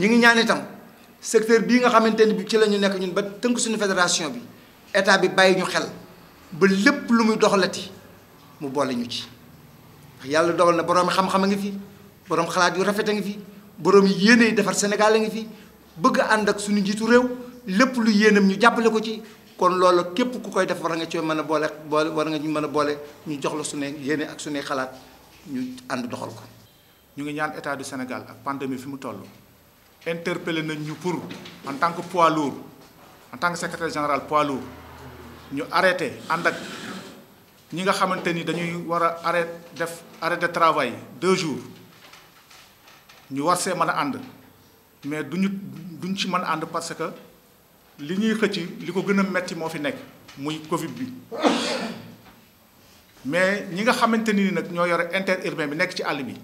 ñi ngi ñaan itam secteur bii nga xamante ni bi ci la ñu ñun ba suñu fédération bi état bi bayi ñu xel ba lépp lu muy doxalati mu boole ñu ci ndax dogal na borom xam-xam a ngi fi borom xalaat yu rafet a ngi fi borom yéene defar Sénégal fi bëgg ak suñu lu yéenam ñu jàppale ko ci kon loolu képp ku koy def war nga ci mën a boole boole war nga ñu mën a boole ñu jox la suñu yéene ak suñu xalaat ñu ànd doxal ko. ñu ngi ñaan état du Sénégal ak pandémie fi mu interpellé nañ ñu pour en tant que poids lourd en tant que secrétaire général poids ñu arrêté ànd ak ñi nga xamante ni dañuy war a arrêt def arrêt de travail deux jours ñu war see mën a ànd mais duñu duñ ci mën a ànd parce que li ñuy xëcc li ko gën a metti moo fi nekk muy Covid bi mais ñi nga xamante ni nag ñoo yore interurbain bi nekk ci àll bi.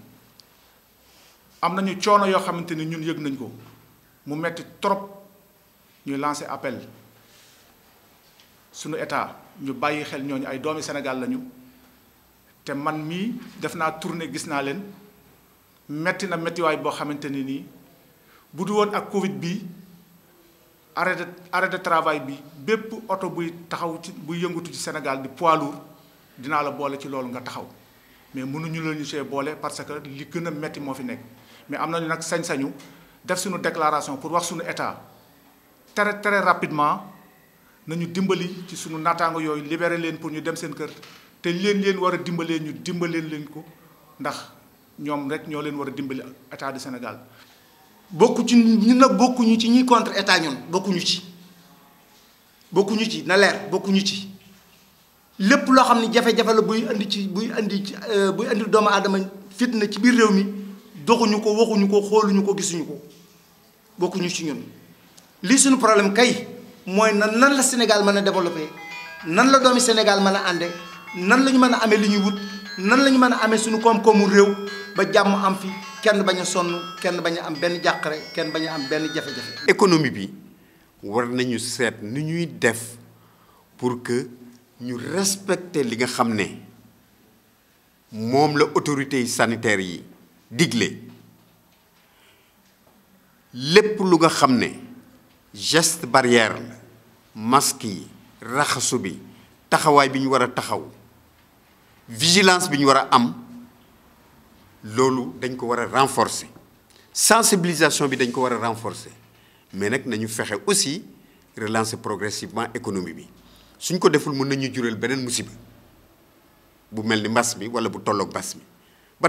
am nañu coono yoo xamante ni ñun yëg nañ ko mu metti trop ñuy lancer appel suñu état ñu bàyyi xel ñooñu ay doomi Sénégal lañu te man mii def naa tournée gis naa leen metti na mettiwaay boo xamante ni nii bu du woon ak Covid bi arrêt de arrêt de bi bépp oto buy taxaw ci buy yëngatu ci senegal di poids lourd dinaa la boole ci loolu nga taxaw mais mënuñu la ñu see boole parce que li gën a metti moo fi nekk. mais am nañu nag sañ-sañu def suñu déclaration pour wax suñu état très très rapidement nañu dimbali ci suñu naataango yooyu libéré leen pour ñu dem seen kër te leen leen war a dimbalee ñu dimbaleen leen ko ndax ñoom rek ñoo leen war a dimbali état du Sénégal. bokku ci ñun nag bokkuñu ci ñi contre état ñun bokkuñu ci bokkuñu ci na bokkuñu ci lépp loo xam ne jafe-jafe la buy indi ci buy indi euh, buy indi doomu aadama fitna ci biir réew mi. doxuñu ko waxuñu ko xooluñu ko gisuñu ko bokkuñu ci ñun lii suñu problème kay mooy nan nan la Sénégal mën a développé nan la doomi Sénégal man a ànde nan la ñu mën a amee li ñuy wut nan lañu ñu mën a amee suñu koom-koomu réew ba jàmm am fi kenn bañ a sonn kenn bañ a am benn jàqare kenn bañ a am benn jafe-jafe. économie bi war nañu seet ni ñuy def pour que ñu respecter li nga xam ne moom la autorités sanitaires yi. digle lépp lu nga xam ne geste barrière la masque yi raxasu bi taxaw vigilance bi am loolu dañ ko war renforcer sensibilisation bi dañ ko war renforcer mais nag nañu fexe aussi relancer progressivement économie bi suñ ko deful mën nañu jural beneen musiba bu mel ni mbas wala bu ba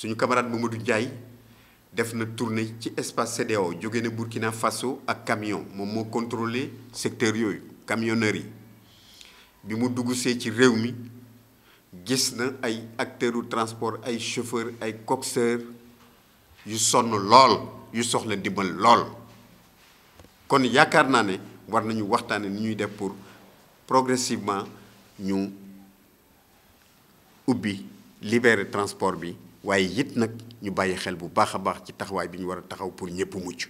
suñu camarade Mamadou Ndiaye def na tourner ci espace CDO, na Burkina Faso ak camion moom moo secteur la camionnerie bi mu dugg ci acteurs du transport ay chauffeurs ay coxeurs yu sonn yu kon war nañu ni ñuy pour progressivement ñu ubi libérer transport waaye it nag ñu bàyyi xel bu baax a baax ci taxawaay bi ñu war a taxaw pour ñëpp mucc